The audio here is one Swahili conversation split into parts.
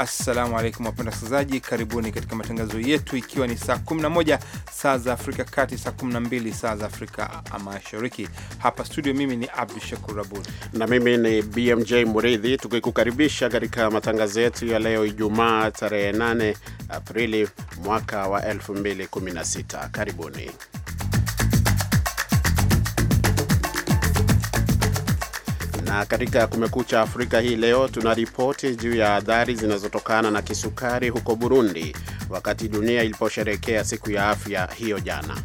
Assalamu alaikum wapenda wasikilizaji, karibuni katika matangazo yetu, ikiwa ni saa 11 saa za Afrika kati, saa 12 saa za Afrika Mashariki. Hapa studio, mimi ni Abdu Shakur Abud na mimi ni BMJ Muridhi, tukikukaribisha katika matangazo yetu ya leo Ijumaa tarehe 8 Aprili mwaka wa 2016. Karibuni. Na katika Kumekucha Afrika hii leo tuna ripoti juu ya adhari zinazotokana na kisukari huko Burundi, wakati dunia iliposherekea siku ya afya hiyo jana.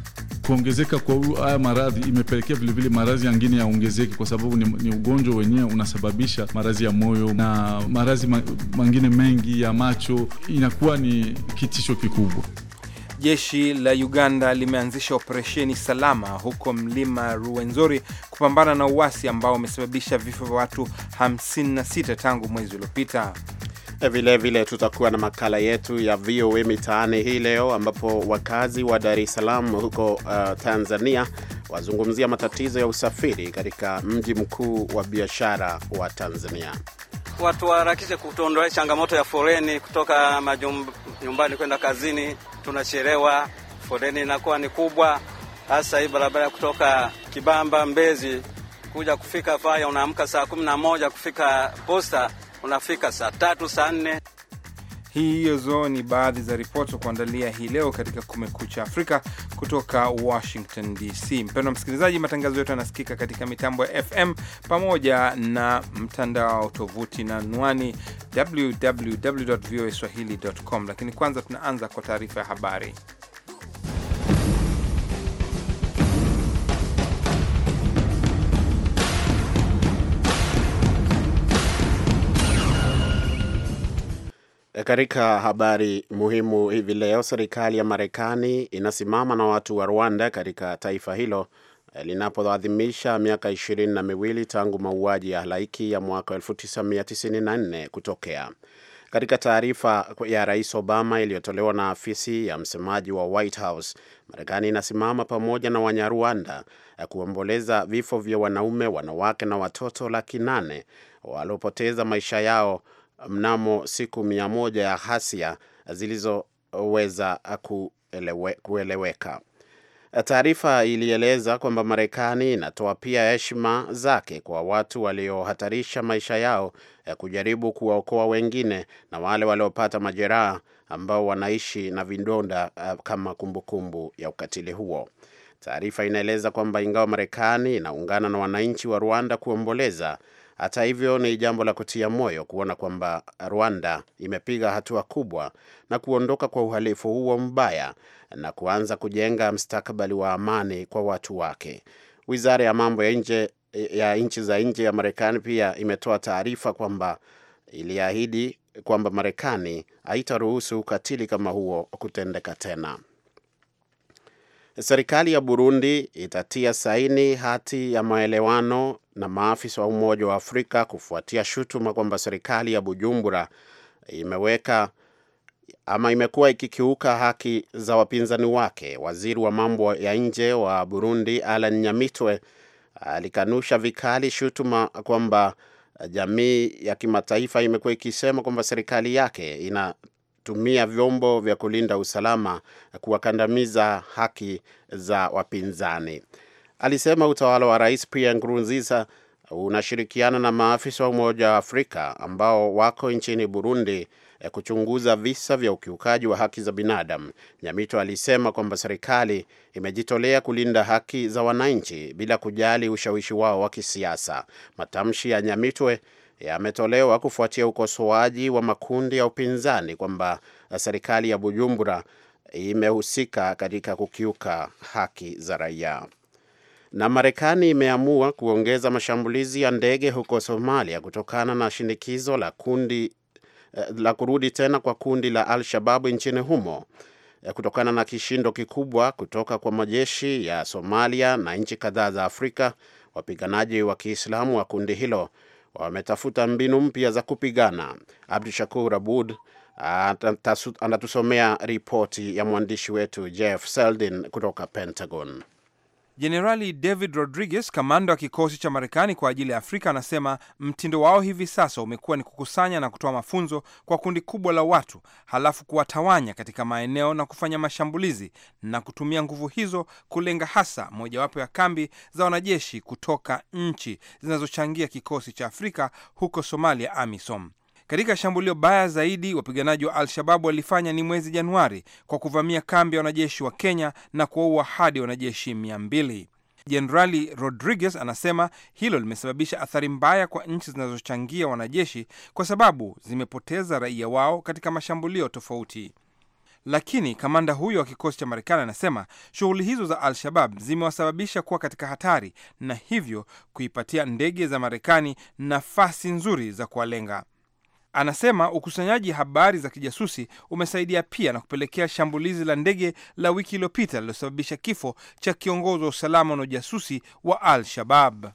Kuongezeka kwa haya maradhi imepelekea vilevile maradhi yangine yaongezeke, kwa sababu ni, ni ugonjwa wenyewe unasababisha maradhi ya moyo na maradhi mangine mengi ya macho, inakuwa ni kitisho kikubwa. Jeshi la Uganda limeanzisha operesheni salama huko mlima Ruwenzori kupambana na uasi ambao umesababisha vifo vya watu 56 tangu mwezi uliopita. Vilevile vile tutakuwa na makala yetu ya VOA Mitaani hii leo, ambapo wakazi wa Dar es Salaam huko uh, Tanzania wazungumzia matatizo ya usafiri katika mji mkuu wa biashara wa Tanzania. Watu waharakishe kutondoa changamoto ya foleni kutoka majumbani kwenda kazini tunachelewa, foleni inakuwa ni kubwa. Hasa hii barabara kutoka Kibamba Mbezi kuja kufika Faya, unaamka saa kumi na moja kufika posta, unafika saa tatu saa nne. Hizo ni baadhi za ripoti kuandalia hii leo katika Kumekucha Afrika kutoka Washington DC. Mpendwa msikilizaji, matangazo yetu yanasikika katika mitambo ya FM pamoja na mtandao wa tovuti na anwani swahilicom lakini kwanza tunaanza kwa taarifa ya habari. Katika habari muhimu hivi leo, serikali ya Marekani inasimama na watu wa Rwanda katika taifa hilo eh, linapoadhimisha miaka ishirini na miwili tangu mauaji ya halaiki ya mwaka 1994 kutokea. Katika taarifa ya Rais Obama iliyotolewa na afisi ya msemaji wa White House, Marekani inasimama pamoja na Wanyarwanda eh, kuomboleza vifo vya wanaume, wanawake na watoto laki nane waliopoteza maisha yao mnamo siku mia moja ya ghasia zilizoweza kuelewe, kueleweka. Taarifa ilieleza kwamba Marekani inatoa pia heshima zake kwa watu waliohatarisha maisha yao ya eh, kujaribu kuwaokoa wengine na wale waliopata majeraha ambao wanaishi na vidonda eh, kama kumbukumbu ya ukatili huo. Taarifa inaeleza kwamba ingawa Marekani inaungana na wananchi wa Rwanda kuomboleza, hata hivyo, ni jambo la kutia moyo kuona kwamba Rwanda imepiga hatua kubwa na kuondoka kwa uhalifu huo mbaya na kuanza kujenga mstakabali wa amani kwa watu wake. Wizara ya mambo ya nje ya nchi za nje ya Marekani pia imetoa taarifa kwamba iliahidi kwamba Marekani haitaruhusu ukatili kama huo kutendeka tena. Serikali ya Burundi itatia saini hati ya maelewano na maafisa wa Umoja wa Afrika kufuatia shutuma kwamba serikali ya Bujumbura imeweka ama imekuwa ikikiuka haki za wapinzani wake. Waziri wa mambo ya nje wa Burundi Alan Nyamitwe alikanusha vikali shutuma kwamba jamii ya kimataifa imekuwa ikisema kwamba serikali yake inatumia vyombo vya kulinda usalama kuwakandamiza haki za wapinzani alisema utawala wa Rais Pierre Nkurunziza unashirikiana na maafisa wa Umoja wa Afrika ambao wako nchini Burundi eh, kuchunguza visa vya ukiukaji wa haki za binadamu. Nyamito alisema kwamba serikali imejitolea kulinda haki za wananchi bila kujali ushawishi wao wa kisiasa. Matamshi ya Nyamitwe yametolewa kufuatia ukosoaji wa makundi ya upinzani kwamba eh, serikali ya Bujumbura imehusika katika kukiuka haki za raia. Na Marekani imeamua kuongeza mashambulizi ya ndege huko Somalia kutokana na shinikizo la kundi eh, la kurudi tena kwa kundi la Al-Shababu nchini humo eh, kutokana na kishindo kikubwa kutoka kwa majeshi ya Somalia na nchi kadhaa za Afrika. Wapiganaji wa Kiislamu wa kundi hilo wametafuta mbinu mpya za kupigana. Abdu Shakur Abud anatusomea ripoti ya mwandishi wetu Jeff Seldin kutoka Pentagon. Jenerali David Rodriguez, kamanda wa kikosi cha Marekani kwa ajili ya Afrika, anasema mtindo wao hivi sasa umekuwa ni kukusanya na kutoa mafunzo kwa kundi kubwa la watu, halafu kuwatawanya katika maeneo na kufanya mashambulizi na kutumia nguvu hizo kulenga hasa mojawapo ya kambi za wanajeshi kutoka nchi zinazochangia kikosi cha Afrika huko Somalia, AMISOM. Katika shambulio baya zaidi wapiganaji wa Al-Shababu walifanya ni mwezi Januari kwa kuvamia kambi ya wanajeshi wa Kenya na kuwaua hadi wanajeshi mia mbili. Jenerali Rodriguez anasema hilo limesababisha athari mbaya kwa nchi zinazochangia wanajeshi kwa sababu zimepoteza raia wao katika mashambulio tofauti. Lakini kamanda huyo wa kikosi cha Marekani anasema shughuli hizo za Al-Shabab zimewasababisha kuwa katika hatari na hivyo kuipatia ndege za Marekani nafasi nzuri za kuwalenga. Anasema ukusanyaji habari za kijasusi umesaidia pia na kupelekea shambulizi la ndege la wiki iliyopita lililosababisha kifo cha kiongozi wa usalama na ujasusi wa Al-Shabab.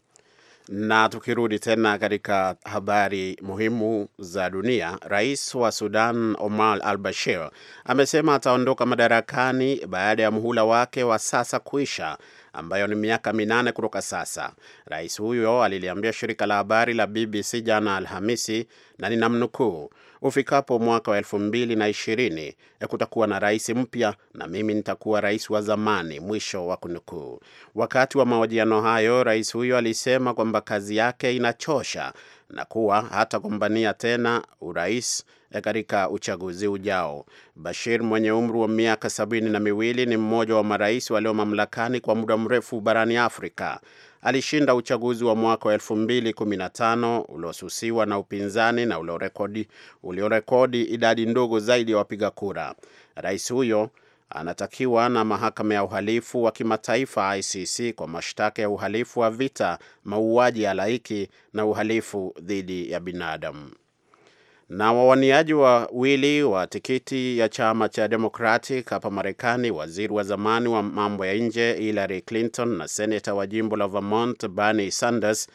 Na tukirudi tena katika habari muhimu za dunia, rais wa Sudan Omar al Bashir amesema ataondoka madarakani baada ya muhula wake wa sasa kuisha ambayo ni miaka minane kutoka sasa. Rais huyo aliliambia shirika la habari la BBC jana Alhamisi, na ninamnukuu, ufikapo mwaka wa elfu mbili na ishirini e, kutakuwa na rais mpya na mimi nitakuwa rais wa zamani, mwisho wa kunukuu. Wakati wa mahojiano hayo, rais huyo alisema kwamba kazi yake inachosha na kuwa hatagombania tena urais Eh, katika uchaguzi ujao. Bashir mwenye umri wa miaka sabini na miwili ni mmoja wa marais walio mamlakani kwa muda mrefu barani Afrika. Alishinda uchaguzi wa mwaka wa tano uliosusiwa na upinzani na uliorekodi uliorekodi idadi ndogo zaidi ya wa wapiga kura. Rais huyo anatakiwa na mahakama ya uhalifu wa kimataifa ICC kwa mashtaka ya uhalifu wa vita, mauaji ya laiki na uhalifu dhidi ya binadamu. Na wawaniaji wawili wa tikiti ya chama cha Democratic hapa Marekani, waziri wa zamani wa mambo ya nje Hillary Clinton na seneta wa jimbo la Vermont Bernie Sanders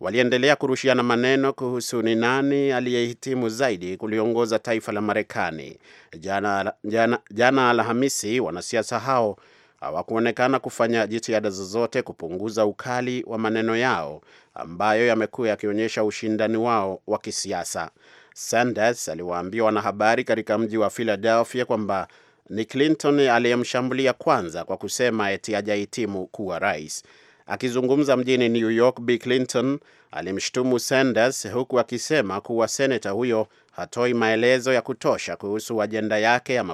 waliendelea kurushiana maneno kuhusu ni nani aliyehitimu zaidi kuliongoza taifa la Marekani. Jana, jana, jana Alhamisi, wanasiasa hao hawakuonekana kufanya jitihada zozote kupunguza ukali wa maneno yao ambayo yamekuwa yakionyesha ushindani wao wa kisiasa. Sanders aliwaambia wanahabari katika mji wa Philadelphia kwamba ni Clinton aliyemshambulia kwanza kwa kusema eti hajahitimu kuwa rais. Akizungumza mjini New York, b Clinton alimshutumu Sanders huku akisema kuwa seneta huyo hatoi maelezo ya kutosha kuhusu ajenda yake ya,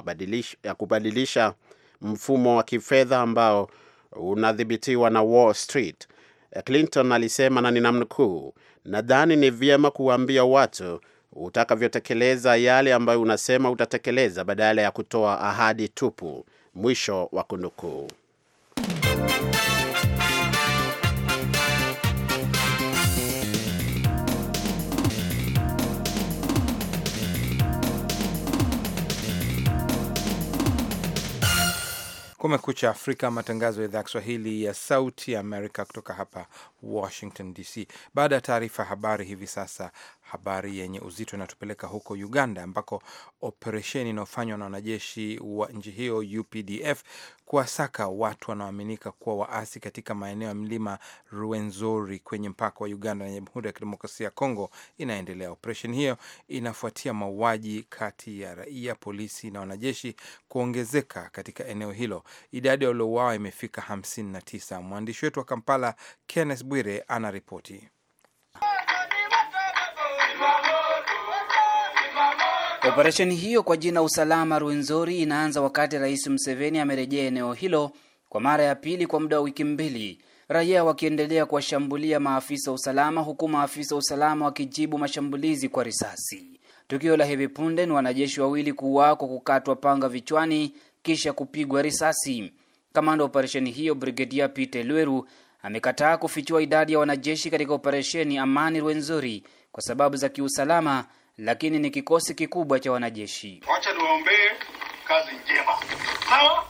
ya kubadilisha mfumo wa kifedha ambao unadhibitiwa na Wall Street. Clinton alisema na ninamnukuu, nadhani ni vyema kuwaambia watu utakavyotekeleza yale ambayo unasema utatekeleza badala ya kutoa ahadi tupu. Mwisho wa kunukuu. Kumekucha Afrika, matangazo ya idhaa ya Kiswahili ya Sauti ya Amerika kutoka hapa Washington DC. Baada ya taarifa habari, hivi sasa Habari yenye uzito inatupeleka huko Uganda ambako operesheni inayofanywa na wanajeshi wa nchi hiyo UPDF kuwasaka watu wanaoaminika kuwa waasi katika maeneo ya mlima Ruwenzori kwenye mpaka wa Uganda na Jamhuri ya Kidemokrasia ya Kongo inaendelea. Operesheni hiyo inafuatia mauaji kati ya raia, polisi na wanajeshi kuongezeka katika eneo hilo. Idadi ya waliouawa imefika 59. Mwandishi wetu wa Kampala Kenneth Bwire anaripoti. Operesheni hiyo kwa jina Usalama Ruwenzori inaanza wakati Rais Museveni amerejea eneo hilo kwa mara ya pili kwa muda wa wiki mbili, raia wakiendelea kuwashambulia maafisa wa usalama, huku maafisa wa usalama wakijibu mashambulizi kwa risasi. Tukio la hivi punde ni wanajeshi wawili kuuawa kwa kukatwa panga vichwani kisha kupigwa risasi. Kamanda wa operesheni hiyo Brigedia Peter Lweru amekataa kufichua idadi ya wanajeshi katika operesheni Amani rwenzori kwa sababu za kiusalama lakini ni kikosi kikubwa cha wanajeshi. Wacha niwaombee kazi njema. Sawa?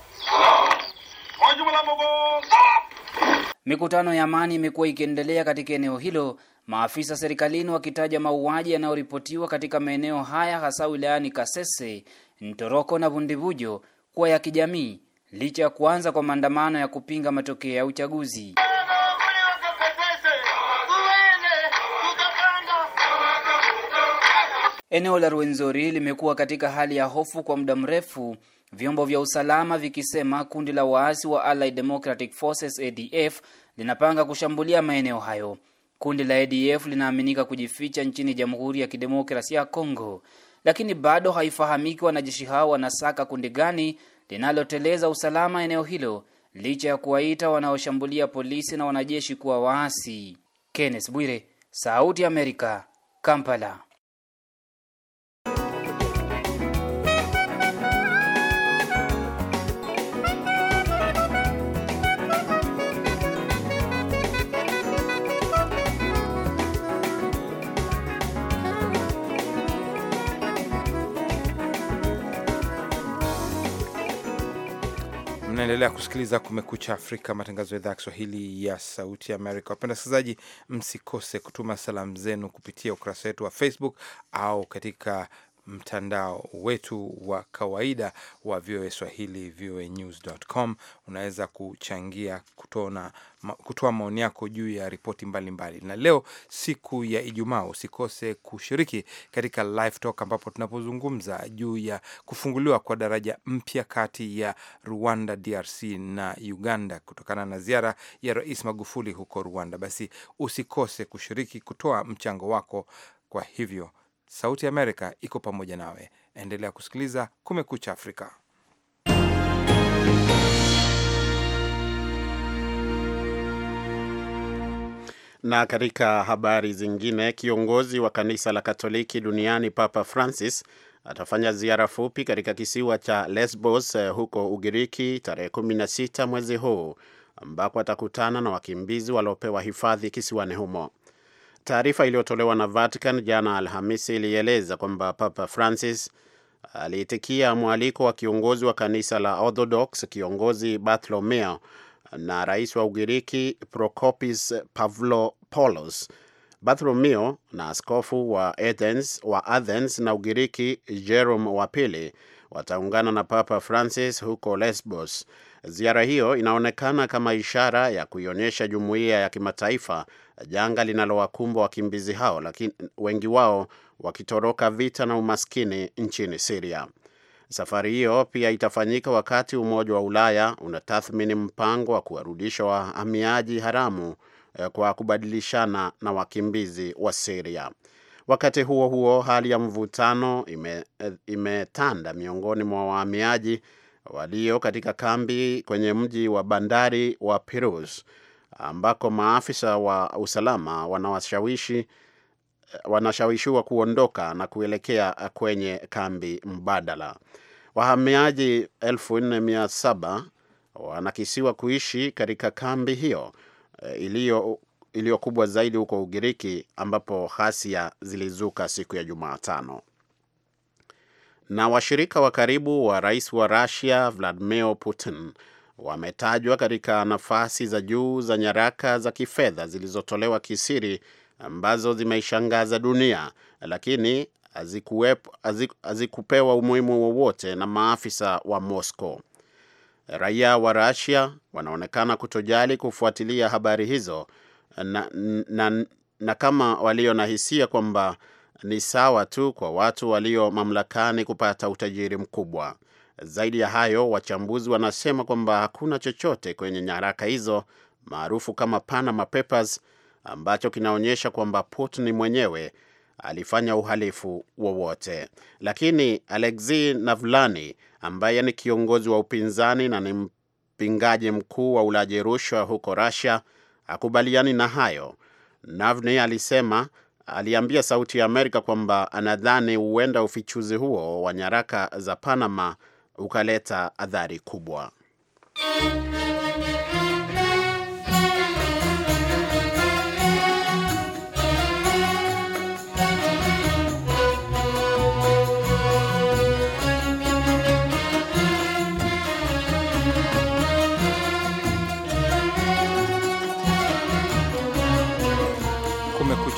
Mikutano ya amani imekuwa ikiendelea katika eneo hilo, maafisa serikalini wakitaja mauaji yanayoripotiwa katika maeneo haya hasa wilayani Kasese, Ntoroko na Vundivujo kuwa ya kijamii licha ya kuanza kwa maandamano ya kupinga matokeo ya uchaguzi. Eneo la Rwenzori limekuwa katika hali ya hofu kwa muda mrefu, vyombo vya usalama vikisema kundi la waasi wa Allied Democratic Forces ADF linapanga kushambulia maeneo hayo. Kundi la ADF linaaminika kujificha nchini Jamhuri ya Kidemokrasia ya Kongo, lakini bado haifahamiki wanajeshi hao wanasaka kundi gani linaloteleza usalama eneo hilo, licha ya kuwaita wanaoshambulia polisi na wanajeshi kuwa waasi. Kenneth Bwire, Sauti ya Amerika, Kampala. Unaendelea kusikiliza Kumekucha Afrika, matangazo ya idhaa ya Kiswahili ya Sauti Amerika. Wapenda wasikilizaji, msikose kutuma salamu zenu kupitia ukurasa wetu wa Facebook au katika mtandao wetu wa kawaida wa VOA Swahili, voanews.com. Unaweza kuchangia, kutoa maoni yako juu ya ripoti mbalimbali. Na leo siku ya Ijumaa, usikose kushiriki katika live talk, ambapo tunapozungumza juu ya kufunguliwa kwa daraja mpya kati ya Rwanda, DRC na Uganda kutokana na ziara ya Rais Magufuli huko Rwanda. Basi usikose kushiriki, kutoa mchango wako. Kwa hivyo Sauti Amerika iko pamoja nawe. Endelea kusikiliza Kumekucha Afrika. Na katika habari zingine, kiongozi wa kanisa la Katoliki duniani Papa Francis atafanya ziara fupi katika kisiwa cha Lesbos eh, huko Ugiriki tarehe 16 mwezi huu ambako atakutana na wakimbizi waliopewa hifadhi kisiwani humo. Taarifa iliyotolewa na Vatican jana Alhamisi ilieleza kwamba Papa Francis aliitikia mwaliko wa kiongozi wa kanisa la Orthodox, kiongozi Bartholomeo na rais wa Ugiriki Prokopis Pavlopoulos. Bartholomeo na askofu wa Athens, wa Athens na Ugiriki Jerome wa pili wataungana na Papa Francis huko Lesbos. Ziara hiyo inaonekana kama ishara ya kuionyesha jumuiya ya kimataifa janga linalowakumbwa wakimbizi hao, lakini wengi wao wakitoroka vita na umaskini nchini Siria. Safari hiyo pia itafanyika wakati Umoja wa Ulaya unatathmini mpango wa kuwarudisha wahamiaji haramu eh, kwa kubadilishana na wakimbizi wa Siria. Wakati huo huo, hali ya mvutano imetanda ime miongoni mwa wahamiaji walio katika kambi kwenye mji wa bandari wa Pirus ambako maafisa wa usalama wanawashawishi wanashawishiwa kuondoka na kuelekea kwenye kambi mbadala. Wahamiaji 47 wanakisiwa kuishi katika kambi hiyo eh, iliyo iliyo kubwa zaidi huko Ugiriki ambapo ghasia zilizuka siku ya Jumatano. Na washirika wa karibu wa rais wa Russia Vladimir Putin wametajwa katika nafasi za juu za nyaraka za kifedha zilizotolewa kisiri ambazo zimeishangaza dunia, lakini hazikupewa umuhimu wowote na maafisa wa Moscow. Raia wa Russia wanaonekana kutojali kufuatilia habari hizo na, na, na kama walio na hisia kwamba ni sawa tu kwa watu walio mamlakani kupata utajiri mkubwa. Zaidi ya hayo, wachambuzi wanasema kwamba hakuna chochote kwenye nyaraka hizo maarufu kama Panama Papers ambacho kinaonyesha kwamba Putin mwenyewe alifanya uhalifu wowote. Lakini Alexei Navalny ambaye ni kiongozi wa upinzani na ni mpingaji mkuu wa ulaji rushwa huko Russia hakubaliani na hayo. Navalny alisema aliambia Sauti ya Amerika kwamba anadhani huenda ufichuzi huo wa nyaraka za Panama ukaleta athari kubwa.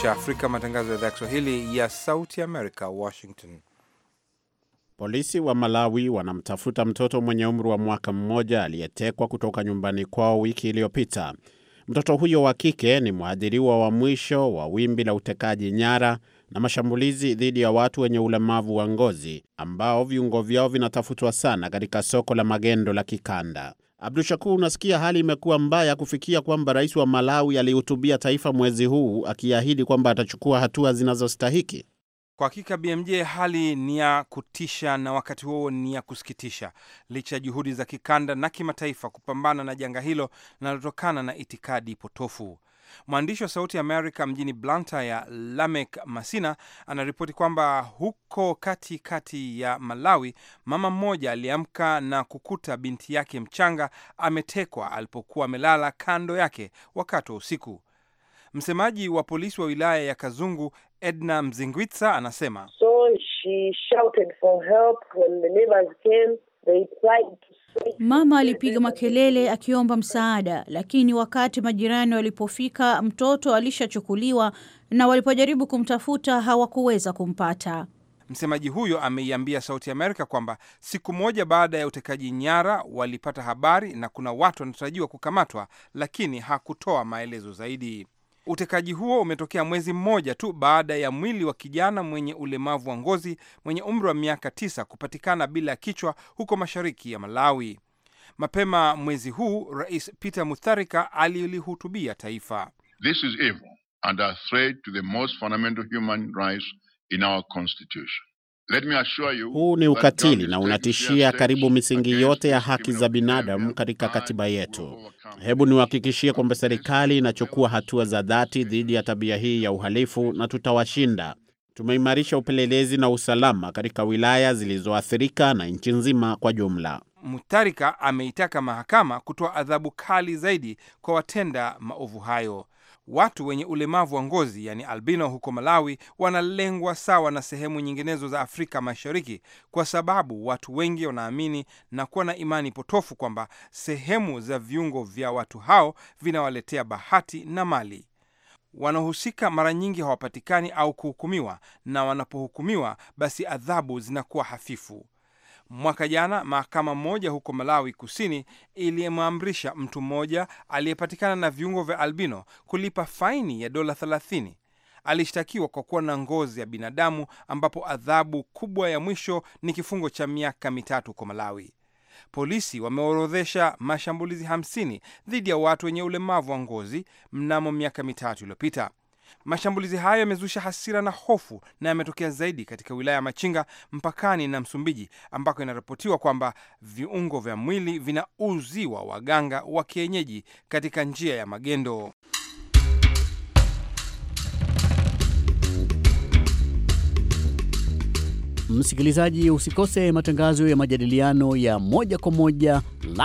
Afrika, matangazo ya idhaa ya Kiswahili ya Sauti Amerika, Washington. Polisi wa Malawi wanamtafuta mtoto mwenye umri wa mwaka mmoja aliyetekwa kutoka nyumbani kwao wiki iliyopita. Mtoto huyo wa kike ni mwathiriwa wa mwisho wa wimbi la utekaji nyara na mashambulizi dhidi ya watu wenye ulemavu wa ngozi ambao viungo vyao vinatafutwa sana katika soko la magendo la kikanda. Abdu Shakur, unasikia hali imekuwa mbaya kufikia kwamba rais wa Malawi alihutubia taifa mwezi huu akiahidi kwamba atachukua hatua zinazostahiki. Kwa hakika BMJ, hali ni ya kutisha na wakati huo ni ya kusikitisha, licha ya juhudi za kikanda na kimataifa kupambana na janga hilo linalotokana na itikadi potofu. Mwandishi wa Sauti ya Amerika mjini ya Lamek Masina, anaripoti kwamba huko katikati kati ya Malawi, mama mmoja aliamka na kukuta binti yake mchanga ametekwa alipokuwa amelala kando yake wakati wa usiku. Msemaji wa polisi wa wilaya ya Kazungu Edna Mzingwitsa anasema so she shouted for help when the neighbors came they tried to Mama alipiga makelele akiomba msaada, lakini wakati majirani walipofika, mtoto alishachukuliwa na walipojaribu kumtafuta hawakuweza kumpata. Msemaji huyo ameiambia Sauti Amerika kwamba siku moja baada ya utekaji nyara walipata habari na kuna watu wanatarajiwa kukamatwa, lakini hakutoa maelezo zaidi. Utekaji huo umetokea mwezi mmoja tu baada ya mwili wa kijana mwenye ulemavu wa ngozi mwenye umri wa miaka tisa kupatikana bila ya kichwa huko mashariki ya Malawi. Mapema mwezi huu Rais Peter Mutharika alilihutubia taifa. This is evil and a threat to the most fundamental human rights in our constitution. Huu ni ukatili na unatishia karibu misingi yote ya haki za binadamu katika katiba yetu. Hebu niwahakikishie kwamba serikali inachukua hatua za dhati dhidi ya tabia hii ya uhalifu na tutawashinda. Tumeimarisha upelelezi na usalama katika wilaya zilizoathirika na nchi nzima kwa jumla. mutarika ameitaka mahakama kutoa adhabu kali zaidi kwa watenda maovu hayo. Watu wenye ulemavu wa ngozi yani albino huko Malawi wanalengwa sawa na sehemu nyinginezo za Afrika Mashariki, kwa sababu watu wengi wanaamini na kuwa na imani potofu kwamba sehemu za viungo vya watu hao vinawaletea bahati na mali. Wanaohusika mara nyingi hawapatikani au kuhukumiwa, na wanapohukumiwa basi adhabu zinakuwa hafifu. Mwaka jana mahakama moja huko Malawi Kusini ilimwamrisha mtu mmoja aliyepatikana na viungo vya albino kulipa faini ya dola 30. Alishtakiwa kwa kuwa na ngozi ya binadamu, ambapo adhabu kubwa ya mwisho ni kifungo cha miaka mitatu huko Malawi. Polisi wameorodhesha mashambulizi 50 dhidi ya watu wenye ulemavu wa ngozi mnamo miaka mitatu iliyopita. Mashambulizi hayo yamezusha hasira na hofu na yametokea zaidi katika wilaya ya Machinga mpakani na Msumbiji, ambako inaripotiwa kwamba viungo vya mwili vinauziwa waganga wa kienyeji katika njia ya magendo. Msikilizaji, usikose matangazo ya majadiliano ya moja kwa moja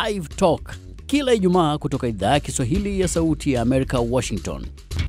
Live Talk kila Ijumaa kutoka idhaa ya Kiswahili ya Sauti ya Amerika, Washington.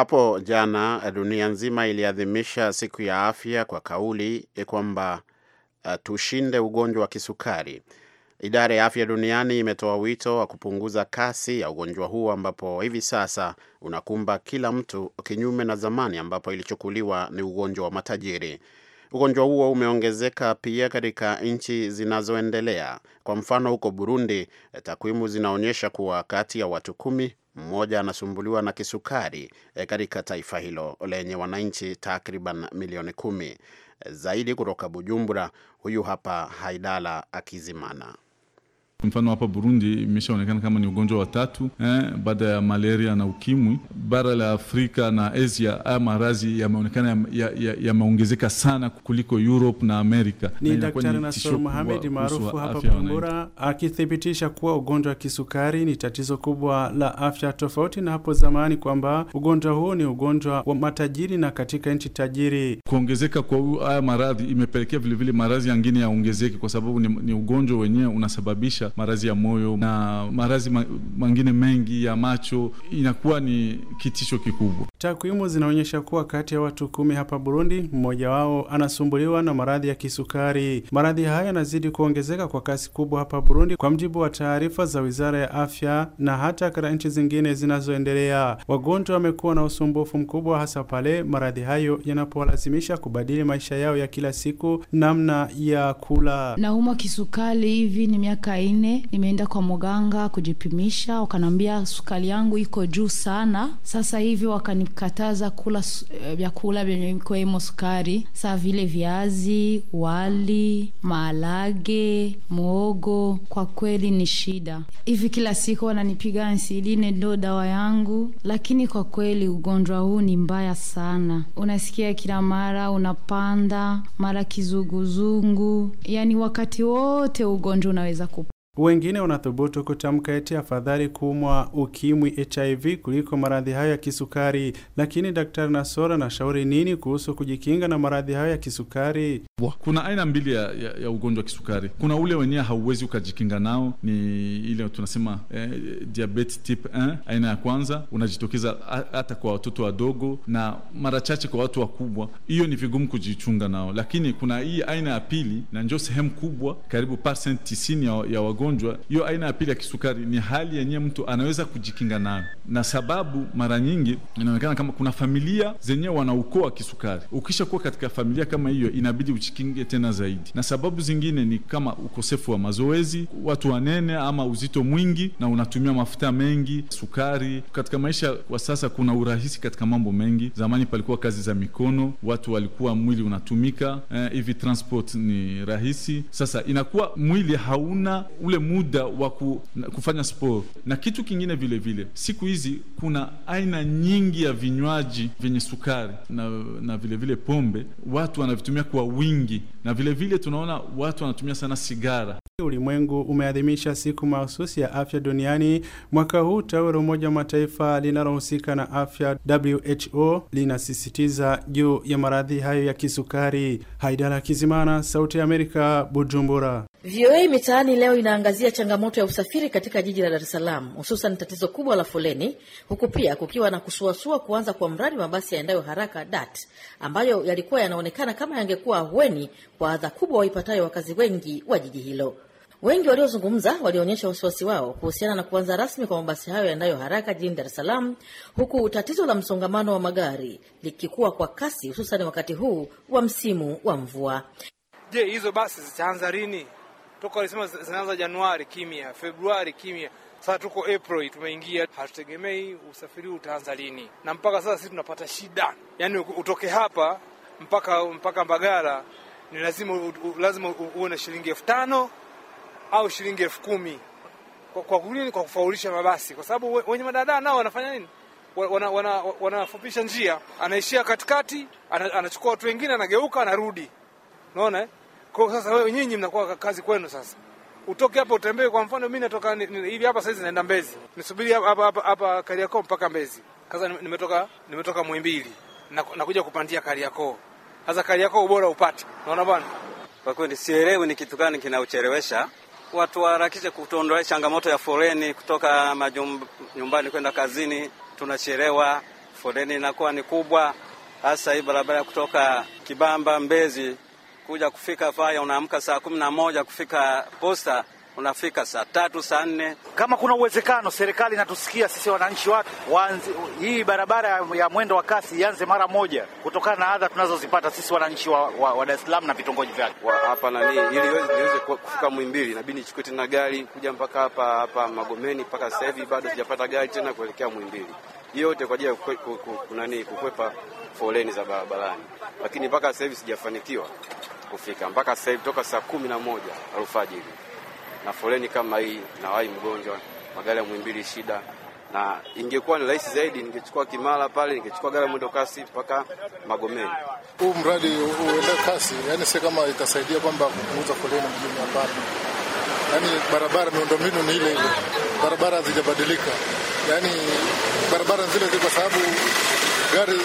hapo jana dunia nzima iliadhimisha siku ya afya kwa kauli kwamba uh, tushinde ugonjwa wa kisukari. Idara ya afya duniani imetoa wito wa kupunguza kasi ya ugonjwa huu ambapo hivi sasa unakumba kila mtu, kinyume na zamani ambapo ilichukuliwa ni ugonjwa wa matajiri. Ugonjwa huo umeongezeka pia katika nchi zinazoendelea. Kwa mfano, huko Burundi takwimu zinaonyesha kuwa kati ya watu kumi mmoja anasumbuliwa na kisukari e, katika taifa hilo lenye wananchi takriban milioni kumi. Eh, zaidi kutoka Bujumbura, huyu hapa Haidala Akizimana. Mfano hapa Burundi imeshaonekana kama ni ugonjwa wa tatu eh, baada ya malaria na ukimwi. Bara la Afrika na Asia, haya marazi yameonekana yameongezeka ya, ya sana kuliko Europe na Amerika. Ni Daktari Nasor Mohamed maarufu hapa Bujumbura akithibitisha kuwa ugonjwa wa kisukari ni tatizo kubwa la afya, tofauti na hapo zamani kwamba ugonjwa huo ni ugonjwa wa matajiri na katika nchi tajiri. Kuongezeka kwa haya maradhi imepelekea vilevile maradhi yangine yaongezeke, kwa sababu ni, ni ugonjwa wenyewe unasababisha marazi maradhi ya moyo na maradhi mengine mengi ya macho, inakuwa ni kitisho kikubwa. Takwimu zinaonyesha kuwa kati ya watu kumi hapa Burundi, mmoja wao anasumbuliwa na maradhi ya kisukari. Maradhi haya yanazidi kuongezeka kwa kasi kubwa hapa Burundi, kwa mjibu wa taarifa za Wizara ya Afya na hata katika nchi zingine zinazoendelea. Wagonjwa wamekuwa na usumbufu mkubwa, hasa pale maradhi hayo yanapowalazimisha kubadili maisha yao ya kila siku, namna ya kula. Naumwa kisukari hivi ni miaka nne nimeenda kwa mganga kujipimisha, wakanaambia sukari yangu iko juu sana. Sasa hivi wakanikataza kula eh, vyakula vyenye ikiwemo sukari, saa vile viazi, wali, maalage, mwogo Kwa kweli ni shida hivi, kila siku wananipiga ansiline, ndo dawa yangu, lakini kwa kweli ugonjwa huu ni mbaya sana. Unasikia kila mara unapanda, mara kizunguzungu, yani wakati wote ugonjwa unaweza kupa wengine wanathubutu kutamka eti afadhali kuumwa ukimwi HIV kuliko maradhi hayo ya kisukari. Lakini Daktari Nasor anashauri nini kuhusu kujikinga na maradhi hayo ya kisukari? Kuna aina mbili ya, ya, ya ugonjwa wa kisukari. Kuna ule wenyewe hauwezi ukajikinga nao, ni ile tunasema eh, diabetes type 1 aina ya kwanza, unajitokeza hata kwa watoto wadogo na mara chache kwa watu wakubwa. Hiyo ni vigumu kujichunga nao, lakini kuna hii aina ya pili, na ndio sehemu kubwa, karibu percent 90 ya, ya wagonjwa magonjwa. Hiyo aina ya pili ya kisukari ni hali yenye mtu anaweza kujikinga nayo, na sababu mara nyingi inaonekana kama kuna familia zenyewe wana ukoo wa kisukari. katika familia kama hiyo, inabidi ujikinge tena zaidi, na sababu zingine ni kama ukosefu wa mazoezi, watu wanene ama uzito mwingi, na unatumia mafuta mengi, sukari. Katika maisha kwa sasa kuna urahisi katika mambo mengi. Zamani palikuwa kazi za mikono, watu walikuwa mwili unatumika eh, hivi, eh, transport ni rahisi. Sasa inakuwa mwili hauna ule muda wa kufanya sport. Na kitu kingine vile vile, siku hizi kuna aina nyingi ya vinywaji vyenye sukari na, na vile vile pombe watu wanavitumia kwa wingi, na vile vile tunaona watu wanatumia sana sigara. Ulimwengu umeadhimisha siku mahususi ya afya duniani mwaka huu. Tawi la Umoja wa Mataifa linalohusika na afya WHO linasisitiza juu ya maradhi hayo ya kisukari. Haidara Kizimana, Sauti ya Amerika, Bujumbura. VOA Mitaani leo inaangazia changamoto ya usafiri katika jiji la Dar es Salaam, hususan tatizo kubwa la foleni, huku pia kukiwa na kusuasua kuanza kwa mradi wa mabasi yaendayo haraka DART ambayo yalikuwa yanaonekana kama yangekuwa ahueni kwa adha kubwa waipatayo wakazi wengi wa jiji hilo. Wengi waliozungumza walionyesha wasiwasi wao kuhusiana na kuanza rasmi kwa mabasi hayo yaendayo haraka jijini Dar es Salaam, huku tatizo la msongamano wa magari likikuwa kwa kasi, hususan wakati huu wa msimu wa mvua. Je, hizo basi zitaanza lini? toka walisema zinaanza Januari kimya, Februari kimya. Sasa tuko April tumeingia, hatutegemei usafiri utaanza lini, na mpaka sasa sisi tunapata shida, yaani utoke hapa mpaka mpaka Mbagala ni lazima u, u, lazima uwe na shilingi elfu tano au shilingi elfu kumi kwa, kwa, kwa kufaulisha mabasi, kwa sababu wenye madadaa nao wanafanya nini? Wanafupisha wana, wana njia, anaishia katikati, anachukua watu wengine, anageuka, anarudi. Unaona eh? Kwa sasa wewe nyinyi mnakuwa kazi kwenu sasa. Utoke hapa utembee kwa mfano mimi natoka hivi hapa sasa naenda Mbezi. Nisubiri hapa hapa hapa Kariakoo mpaka Mbezi. Sasa nimetoka nimetoka Muhimbili na nakuja kupandia Kariakoo. Sasa Kariakoo ubora upate. Unaona bwana? Kwa kweli sielewi ni kitu gani kinauchelewesha. Watu waharakishe kutuondoa changamoto ya foleni kutoka majumba nyumbani kwenda kazini, tunachelewa, foleni inakuwa ni kubwa, hasa hii barabara kutoka Kibamba Mbezi kuja kufika faya, unaamka saa kumi na moja kufika posta unafika saa tatu saa nne. Kama kuna uwezekano serikali inatusikia sisi wananchi wake, hii barabara ya mwendo wa kasi ianze mara moja, kutokana na adha tunazozipata sisi wananchi wa, wa, wa Dar es Salaam na vitongoji vyake hapa nani, ili niweze kufika Mwimbili inabidi nichukue tena gari kuja mpaka hapa hapa Magomeni. Mpaka sasa hivi bado sijapata gari tena kuelekea Mwimbili, yote kwa ajili ya kunani kukwepa foleni za barabarani, lakini mpaka sasa hivi sijafanikiwa kufika mpaka sasa hivi toka saa kumi na moja alfajiri, na foleni kama hii na wai mgonjwa, magari ya Muhimbili shida, na ingekuwa ni rahisi zaidi ningechukua Kimara pale, ningechukua gari mwendo kasi mpaka Magomeni. Huu mradi uende kasi, yani si kama itasaidia kwamba kupunguza foleni mjini, hapana. Yani barabara miundombinu ni ile ile, barabara hazijabadilika, yani barabara zile zile, kwa sababu gari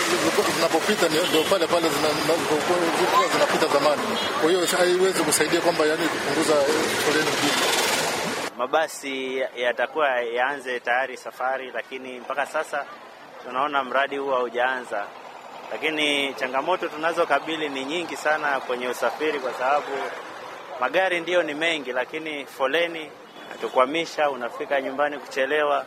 zinapopita ndio pale pale zilikuwa zinapita zamani. Kwa hiyo haiwezi kusaidia kwamba yani kupunguza eh, foleni mjini mabasi yatakuwa yaanze tayari safari, lakini mpaka sasa tunaona mradi huu haujaanza. Lakini changamoto tunazokabili ni nyingi sana kwenye usafiri, kwa sababu magari ndiyo ni mengi, lakini foleni hatukwamisha, unafika nyumbani kuchelewa.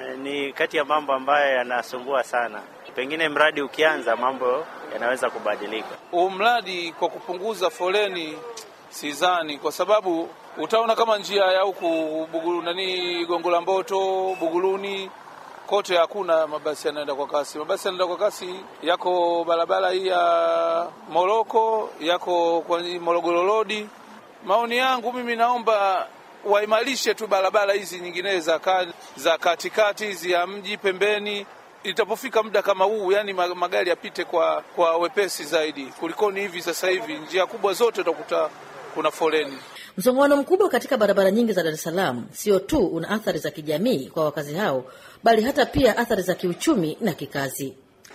Eh, ni kati ya mambo ambayo yanasumbua sana. Pengine mradi ukianza, mambo yanaweza kubadilika. Huu mradi kwa kupunguza foleni sizani kwa sababu utaona kama njia ya huku Buguru nani Gongo la Mboto Buguruni kote hakuna mabasi yanaenda kwa kasi. Mabasi yanaenda kwa kasi yako barabara hii ya Moroko, yako kwa Morogoro Road. Maoni yangu mimi, naomba waimarishe tu barabara hizi nyingine za katikati hizi ya mji pembeni itapofika muda kama huu, yani magari yapite kwa, kwa wepesi zaidi kulikoni hivi sasa hivi. Njia kubwa zote utakuta kuna foleni. Msongamano mkubwa katika barabara nyingi za Dar es Salaam sio tu una athari za kijamii kwa wakazi hao, bali hata pia athari za kiuchumi na kikazi.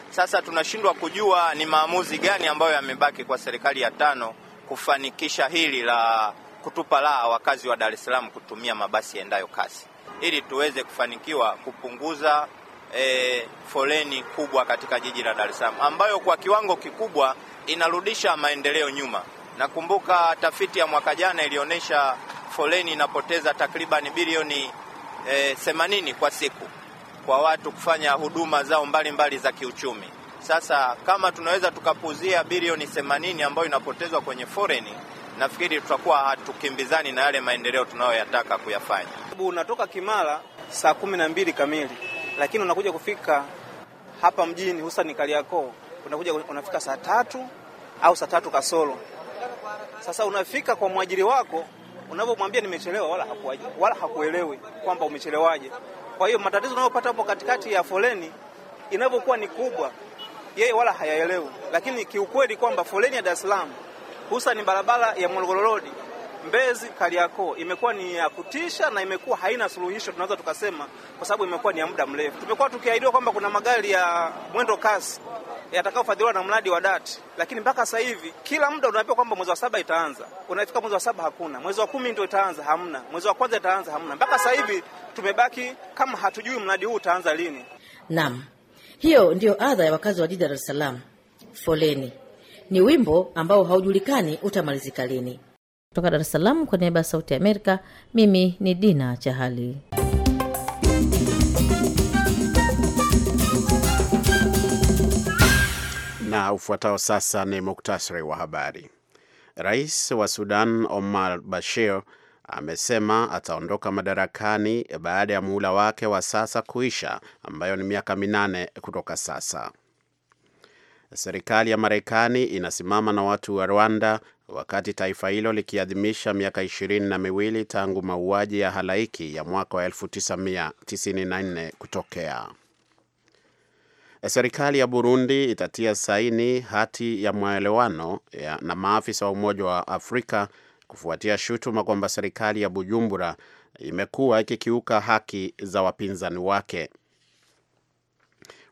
Sasa tunashindwa kujua ni maamuzi gani ambayo yamebaki kwa serikali ya tano kufanikisha hili la kutupa laa wakazi wa Dar es Salaam kutumia mabasi yaendayo kasi ili tuweze kufanikiwa kupunguza e, foleni kubwa katika jiji la Dar es Salaam ambayo kwa kiwango kikubwa inarudisha maendeleo nyuma. Nakumbuka tafiti ya mwaka jana ilionyesha foleni inapoteza takriban bilioni e, 80 kwa siku kwa watu kufanya huduma zao mbalimbali mbali za kiuchumi. Sasa kama tunaweza tukapuzia bilioni 80 ambayo inapotezwa kwenye foreni, nafikiri tutakuwa hatukimbizani na yale maendeleo tunayoyataka kuyafanya. Unatoka Kimara saa kumi na mbili kamili lakini unakuja kufika hapa mjini hususani Kariakoo, unakuja unafika saa tatu au saa tatu kasoro. Sasa unafika kwa mwajiri wako, unavyomwambia nimechelewa, wala hakuwaje, wala hakuelewi kwamba umechelewaje. Kwa hiyo matatizo unayopata hapo katikati ya foleni inavyokuwa ni kubwa, yeye wala hayaelewi, lakini kiukweli kwamba foleni ya Dar es Salaam hususani barabara ya Morogoro Road Mbezi Kariakoo imekuwa ni ya kutisha na imekuwa haina suluhisho, tunaweza tukasema, kwa sababu imekuwa ni ya muda mrefu. Tumekuwa tukiahidiwa kwamba kuna magari ya mwendo kasi yatakayofadhiliwa na mradi wa dati, lakini mpaka sasa hivi kila muda unaambiwa kwamba mwezi wa saba itaanza, unafika mwezi wa saba hakuna, mwezi wa kumi ndio itaanza, hamna, mwezi wa kwanza itaanza, hamna. Mpaka sasa hivi tumebaki kama hatujui mradi huu utaanza lini. Naam, hiyo ndiyo adha ya wakazi wa jiji la Dar es Salaam, foleni. Ni wimbo ambao haujulikani utamalizika lini. Kutoka Dar es Salaam kwa niaba ya Sauti ya Amerika, mimi ni Dina Chahali. Na ufuatao sasa ni muktasari wa habari. Rais wa Sudan Omar Bashir amesema ataondoka madarakani baada ya muhula wake wa sasa kuisha, ambayo ni miaka minane kutoka sasa. Serikali ya Marekani inasimama na watu wa Rwanda wakati taifa hilo likiadhimisha miaka ishirini na miwili tangu mauaji ya halaiki ya mwaka wa 1994 kutokea. Serikali ya Burundi itatia saini hati ya ya na maafisa wa Umoja wa Afrika kufuatia shutuma kwamba serikali ya Bujumbura imekuwa ikikiuka haki za wapinzani wake.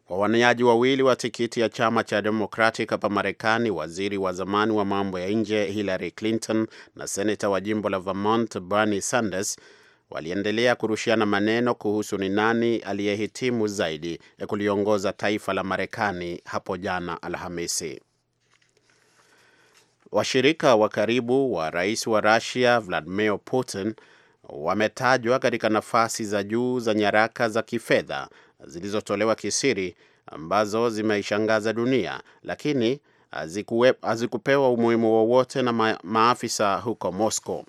Wawaniaji wawili wa tikiti ya chama cha Democratic hapa Marekani, waziri wa zamani wa mambo ya nje Hillary Clinton na seneta wa jimbo la Vermont Bernie Sanders waliendelea kurushiana maneno kuhusu ni nani aliyehitimu zaidi ya kuliongoza taifa la Marekani hapo jana Alhamisi. Washirika wa karibu wa rais wa Russia Vladimir Putin wametajwa katika nafasi za juu za nyaraka za kifedha zilizotolewa kisiri ambazo zimeishangaza dunia, lakini hazikupewa umuhimu wowote na ma maafisa huko Moscow.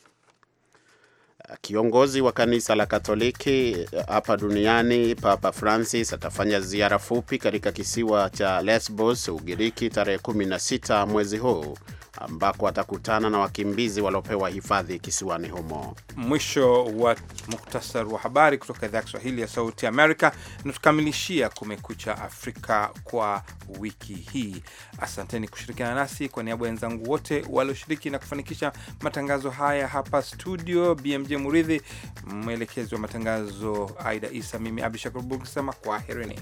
Kiongozi wa kanisa la Katoliki eh, hapa duniani Papa Francis atafanya ziara fupi katika kisiwa cha Lesbos, Ugiriki, tarehe 16 mwezi huu ambako atakutana na wakimbizi waliopewa hifadhi kisiwani humo. Mwisho wa muktasar wa habari kutoka idhaa ya Kiswahili ya Sauti Amerika. Natukamilishia Kumekucha Afrika kwa wiki hii. Asanteni kushirikiana nasi. Kwa niaba ya wenzangu wote walioshiriki na kufanikisha matangazo haya hapa studio, BMJ Muridhi, mwelekezi wa matangazo Aida Isa, mimi Abdu Shakur Bukisema, kwaherini.